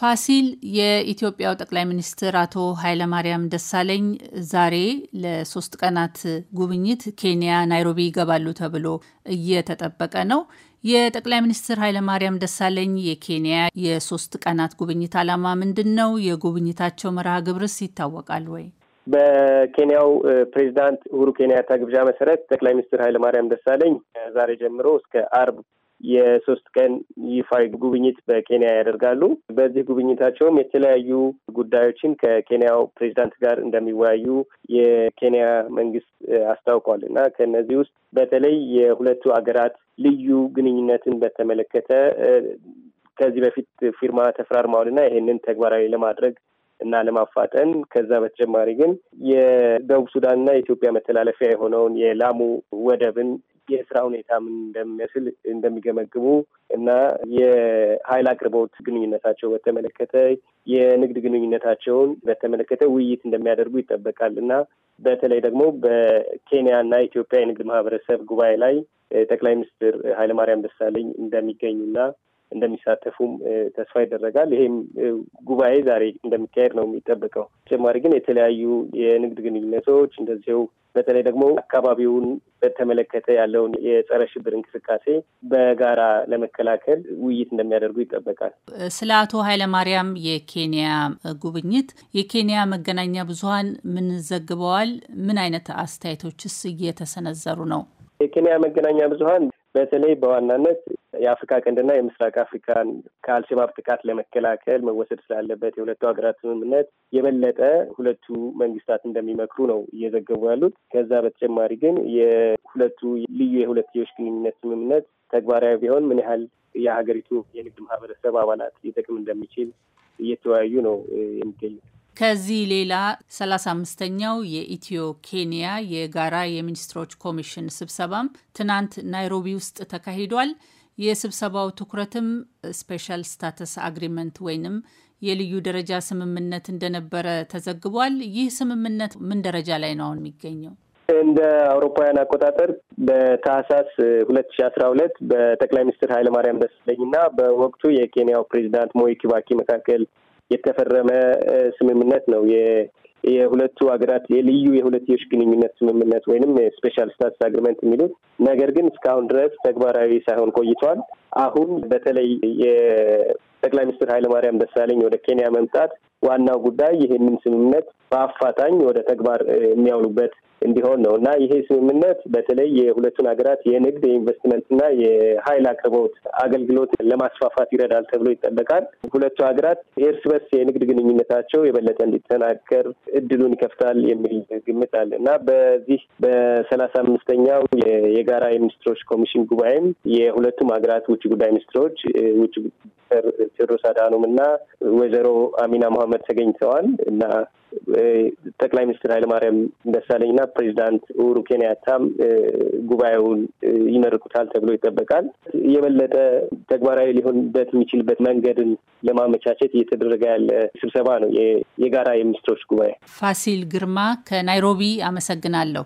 ፋሲል የኢትዮጵያው ጠቅላይ ሚኒስትር አቶ ኃይለማርያም ደሳለኝ ዛሬ ለሶስት ቀናት ጉብኝት ኬንያ ናይሮቢ ይገባሉ ተብሎ እየተጠበቀ ነው። የጠቅላይ ሚኒስትር ኃይለማርያም ደሳለኝ የኬንያ የሶስት ቀናት ጉብኝት ዓላማ ምንድን ነው? የጉብኝታቸው መርሃ ግብርስ ይታወቃል ወይ? በኬንያው ፕሬዚዳንት ኡሁሩ ኬንያታ ግብዣ መሰረት ጠቅላይ ሚኒስትር ኃይለማርያም ደሳለኝ ዛሬ ጀምሮ እስከ አርብ የሶስት ቀን ይፋዊ ጉብኝት በኬንያ ያደርጋሉ። በዚህ ጉብኝታቸውም የተለያዩ ጉዳዮችን ከኬንያው ፕሬዚዳንት ጋር እንደሚወያዩ የኬንያ መንግስት አስታውቋል እና ከእነዚህ ውስጥ በተለይ የሁለቱ አገራት ልዩ ግንኙነትን በተመለከተ ከዚህ በፊት ፊርማ ተፈራርመዋል እና ይህንን ተግባራዊ ለማድረግ እና ለማፋጠን ከዛ በተጨማሪ ግን የደቡብ ሱዳንና የኢትዮጵያ መተላለፊያ የሆነውን የላሙ ወደብን የስራ ሁኔታ ምን እንደሚመስል እንደሚገመግሙ እና የሀይል አቅርቦት ግንኙነታቸው በተመለከተ የንግድ ግንኙነታቸውን በተመለከተ ውይይት እንደሚያደርጉ ይጠበቃል እና በተለይ ደግሞ በኬንያና ኢትዮጵያ የንግድ ማህበረሰብ ጉባኤ ላይ ጠቅላይ ሚኒስትር ኃይለማርያም ደሳለኝ እንደሚገኙና እንደሚሳተፉም ተስፋ ይደረጋል። ይሄም ጉባኤ ዛሬ እንደሚካሄድ ነው የሚጠበቀው። ተጨማሪ ግን የተለያዩ የንግድ ግንኙነቶች እንደዚሁ በተለይ ደግሞ አካባቢውን በተመለከተ ያለውን የጸረ ሽብር እንቅስቃሴ በጋራ ለመከላከል ውይይት እንደሚያደርጉ ይጠበቃል። ስለ አቶ ኃይለማርያም የኬንያ ጉብኝት የኬንያ መገናኛ ብዙኃን ምን ዘግበዋል? ምን አይነት አስተያየቶችስ እየተሰነዘሩ ነው? የኬንያ መገናኛ ብዙኃን በተለይ በዋናነት የአፍሪካ ቀንድና የምስራቅ አፍሪካን ከአልሸባብ ጥቃት ለመከላከል መወሰድ ስላለበት የሁለቱ ሀገራት ስምምነት የበለጠ ሁለቱ መንግስታት እንደሚመክሩ ነው እየዘገቡ ያሉት። ከዛ በተጨማሪ ግን የሁለቱ ልዩ የሁለትዮሽ ግንኙነት ስምምነት ተግባራዊ ቢሆን ምን ያህል የሀገሪቱ የንግድ ማህበረሰብ አባላት ሊጠቅም እንደሚችል እየተወያዩ ነው የሚገኙ ከዚህ ሌላ ሰላሳ አምስተኛው የኢትዮ ኬንያ የጋራ የሚኒስትሮች ኮሚሽን ስብሰባም ትናንት ናይሮቢ ውስጥ ተካሂዷል። የስብሰባው ትኩረትም ስፔሻል ስታተስ አግሪመንት ወይንም የልዩ ደረጃ ስምምነት እንደነበረ ተዘግቧል። ይህ ስምምነት ምን ደረጃ ላይ ነው አሁን የሚገኘው? እንደ አውሮፓውያን አቆጣጠር በታህሳስ ሁለት ሺ አስራ ሁለት በጠቅላይ ሚኒስትር ኃይለማርያም ደሳለኝ እና በወቅቱ የኬንያው ፕሬዚዳንት ሞይ ኪባኪ መካከል የተፈረመ ስምምነት ነው። የሁለቱ ሀገራት የልዩ የሁለትዮሽ ግንኙነት ስምምነት ወይንም ስፔሻል ስታትስ አግሪመንት የሚሉት ነገር ግን እስካሁን ድረስ ተግባራዊ ሳይሆን ቆይተዋል። አሁን በተለይ የጠቅላይ ሚኒስትር ኃይለማርያም ደሳለኝ ወደ ኬንያ መምጣት ዋናው ጉዳይ ይህንን ስምምነት በአፋጣኝ ወደ ተግባር የሚያውሉበት እንዲሆን ነው እና ይሄ ስምምነት በተለይ የሁለቱን ሀገራት የንግድ የኢንቨስትመንት እና የኃይል አቅርቦት አገልግሎት ለማስፋፋት ይረዳል ተብሎ ይጠበቃል። ሁለቱ ሀገራት እርስ በርስ የንግድ ግንኙነታቸው የበለጠ እንዲጠናከር እድሉን ይከፍታል የሚል ግምት አለ እና በዚህ በሰላሳ አምስተኛው የጋራ የሚኒስትሮች ኮሚሽን ጉባኤም የሁለቱም ሀገራት ውጭ ጉዳይ ሚኒስትሮች ውጭ ሚኒስትር ቴዎድሮስ አድሃኖም እና ወይዘሮ አሚና መሀመድ ተገኝተዋል እና ጠቅላይ ሚኒስትር ኃይለማርያም እና ፕሬዚዳንት ኡሁሩ ኬንያታም ጉባኤውን ይመርቁታል ተብሎ ይጠበቃል። የበለጠ ተግባራዊ ሊሆንበት የሚችልበት መንገድን ለማመቻቸት እየተደረገ ያለ ስብሰባ ነው የጋራ የሚኒስትሮች ጉባኤ። ፋሲል ግርማ ከናይሮቢ አመሰግናለሁ።